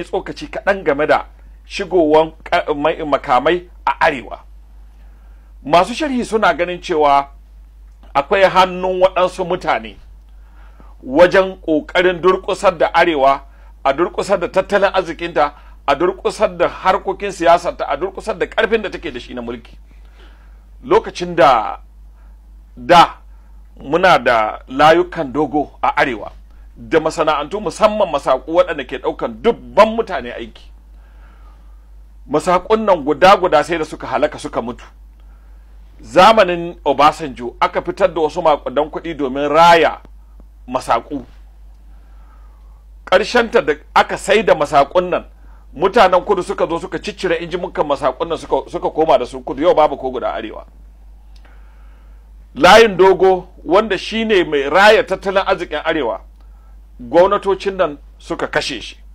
ya tsokaci kaɗan game da shigowan makamai a arewa masu sharhi suna ganin cewa akwai hannun waɗansu mutane wajen ƙoƙarin durƙusar da arewa a durƙusar da tattalin arzikinta a durƙusar da harkokin siyasarta a durƙusar da ƙarfin da take da shi na mulki lokacin da da muna da layukan dogo a arewa da masana'antu musamman masaku waɗanda ke ɗaukan dubban mutane aiki masakun nan guda-guda sai da suka halaka suka mutu zamanin obasanjo aka fitar da wasu makudan kuɗi domin raya masaku ƙarshenta da aka sai da masakun nan mutanen kudu suka zo suka ciccire injimukan masakun nan suka koma da su kudu yau babu ko guda arewa layin dogo wanda shine mai raya tattalin arzikin arewa gwamnatocin nan suka kashe shi